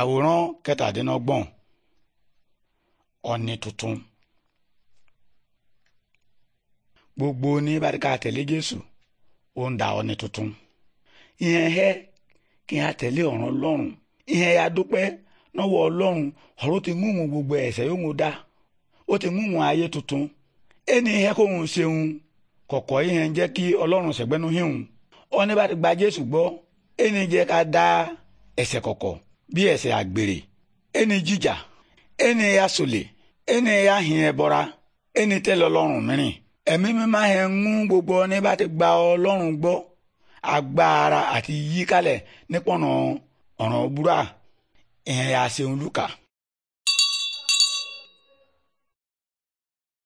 àwòrán kẹtàdínlọ́gbọ̀n ọ̀nì tuntun gbogbo oníbàríkà tẹ̀lé jésù ó ń da ọ̀nì tuntun ìyẹn hẹ́ kí a tẹ̀lé ọ̀ràn ọlọ́run ìyẹn ya dúpẹ́ lọ́wọ́ ọlọ́run ọ̀rọ̀ ti múmu gbogbo ẹ̀ṣẹ̀ yóò mú dá ó ti múmu ayé tuntun ẹni hẹ́ kó ń ṣeun kọ̀kọ́ ìyẹn jẹ́ kí ọlọ́run ṣẹ̀gbẹ́nu híhun ọ̀nì bá ti gba jésù gbọ́ ẹni jẹ́ ká dá ẹ̀ṣẹ̀ kọ̀kọ̀ bí ẹ̀ṣẹ̀ àgbèrè ẹni jíjà ẹni asòlè ẹni ahìn ẹbọra ẹni tẹ̀lé ọlọ́run mìíràn ẹ̀mí mímá yẹn ń mú gbogbo ní bá ti gba ọlọ́run gbọ́ agbára àti yíkalẹ̀ nípọ̀nà ọ̀ràn búra ìhẹn àṣeun lùkà